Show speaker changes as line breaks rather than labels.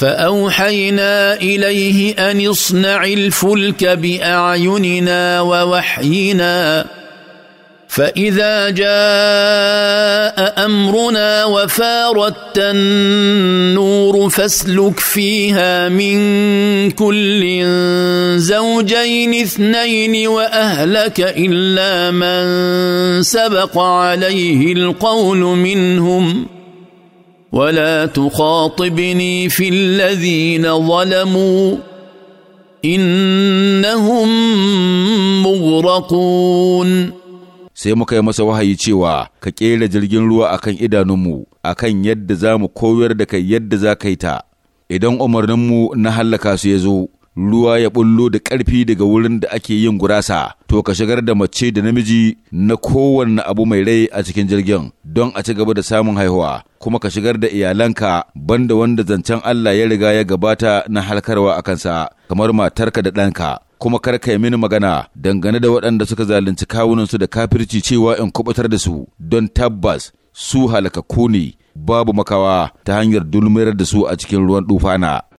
فاوحينا اليه ان اصنع الفلك باعيننا ووحينا فاذا جاء امرنا وفارت النور فاسلك فيها من كل زوجين اثنين واهلك الا من سبق عليه القول منهم ولا تخاطبني في الذين ظلموا إنهم مغرقون
sai muka yi masa wahayi cewa ka ƙera jirgin ruwa akan idanunmu akan yadda za mu koyar da kai yadda za ka yi ta idan umarninmu na hallaka su ya zo ruwa ya bullo da ƙarfi daga wurin da ake yin gurasa to ka shigar da mace da namiji na kowanne abu mai rai a cikin jirgin don a ci gaba da samun haihuwa kuma ka shigar da iyalanka banda wanda zancen Allah ya riga ya gabata na halkarwa a kansa kamar matarka da ɗanka kuma kar ka yi mini magana dangane da waɗanda suka zalunci kawunansu da kafirci cewa in kubutar da su don tabbas su halakakku ne babu makawa ta hanyar dulmayar da su a cikin ruwan dufana.